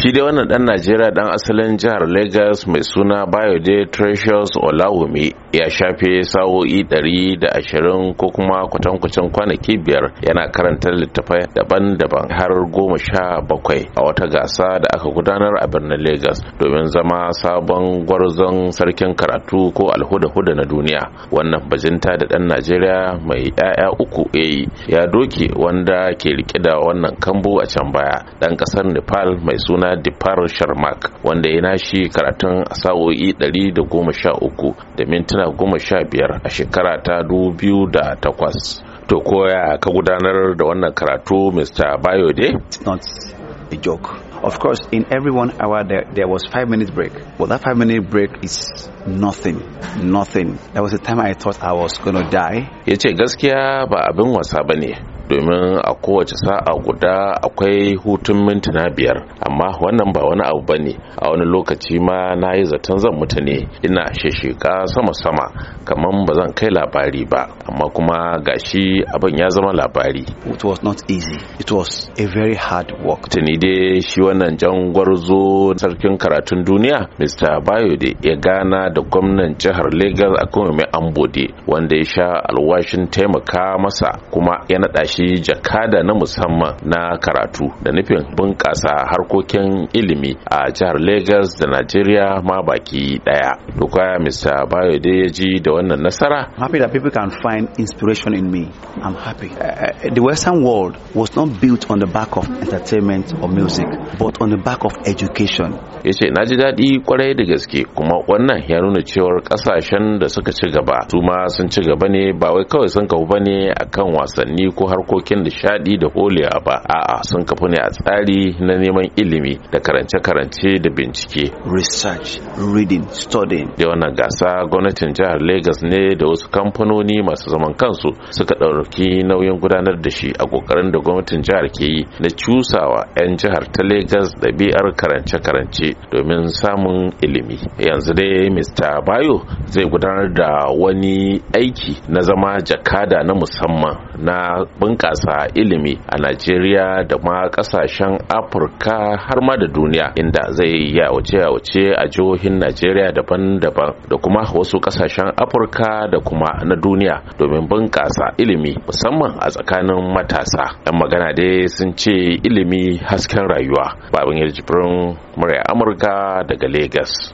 shi dai wannan dan najeriya dan asalin jihar lagos mai suna bayode treasures olawumi ya shafe sa'o'i 120 ko kuma kwatankwacin kwanaki biyar yana karanta littattafai daban-daban har goma sha bakwai a wata gasa da aka gudanar a birnin lagos domin zama sabon gwarzon sarkin karatu ko alhuda-huda na duniya wannan bajinta da dan najeriya mai 'ya'ya uku ya doke wanda ke rike da wannan kambu a can baya dan kasar nepal mai suna suna diparo sharmak wanda ya nashi karatun sa'o'i 113 da mintuna 15 a shekara ta 2008 to koya ka gudanar da wannan karatu mr bayode it's not a joke of course in every one hour there, there was five minutes break but that five minute break is nothing nothing that was the time i thought i was going to die ya ce gaskiya ba abin wasa ba ne domin a kowace sa'a guda akwai hutun mintuna biyar amma wannan ba wani abu ba ne a wani lokaci ma na yi zaton zan mutu ne ina shishika sama-sama kamar ba zan kai labari ba amma kuma gashi abin ya zama labari it was not easy it was a very hard work tuni dai shi wannan jan gwarzo sarkin karatun duniya mr bayode ya gana da gwamnan jihar lagos a kuma mai ambode wanda ya sha alwashin taimaka masa kuma ya naɗa shi kasance jakada na musamman na karatu da nufin bunƙasa harkokin ilimi a jihar Lagos da Najeriya ma baki daya. Doka Mr. dai ya ji da wannan nasara. Happy that people can find inspiration in me. I'm happy. Uh, the Western world was not built on the back of entertainment or music, but on the back of education. Ya ce, na ji daɗi kwarai da gaske kuma wannan ya nuna cewar ƙasashen da suka ci gaba su ma sun ci gaba ne ba wai kawai sun kawo ba ne akan wasanni ko harkokin harkokin nishadi da holewa ba a'a sun kafu ne a tsari na neman ilimi da karance-karance da bincike research reading studying da wannan gasa gwamnatin jihar lagos ne da wasu kamfanoni masu zaman kansu suka ɗauki nauyin gudanar da shi a ƙoƙarin da gwamnatin jihar ke yi na cusawa 'yan jihar ta lagos ɗabi'ar karance-karance domin samun ilimi yanzu dai mr bayo zai gudanar da wani aiki na zama jakada na musamman na bunƙasa bunƙasa ilimi a Najeriya da ma ƙasashen Afirka har ma da duniya inda zai yi ya ya yawace a jihohin Najeriya daban-daban da kuma wasu ƙasashen Afirka da kuma na duniya domin bunƙasa ilimi musamman a tsakanin matasa. 'Yan magana dai sun ce ilimi hasken rayuwa. Babin Yarjibirin murya Amurka daga Legas.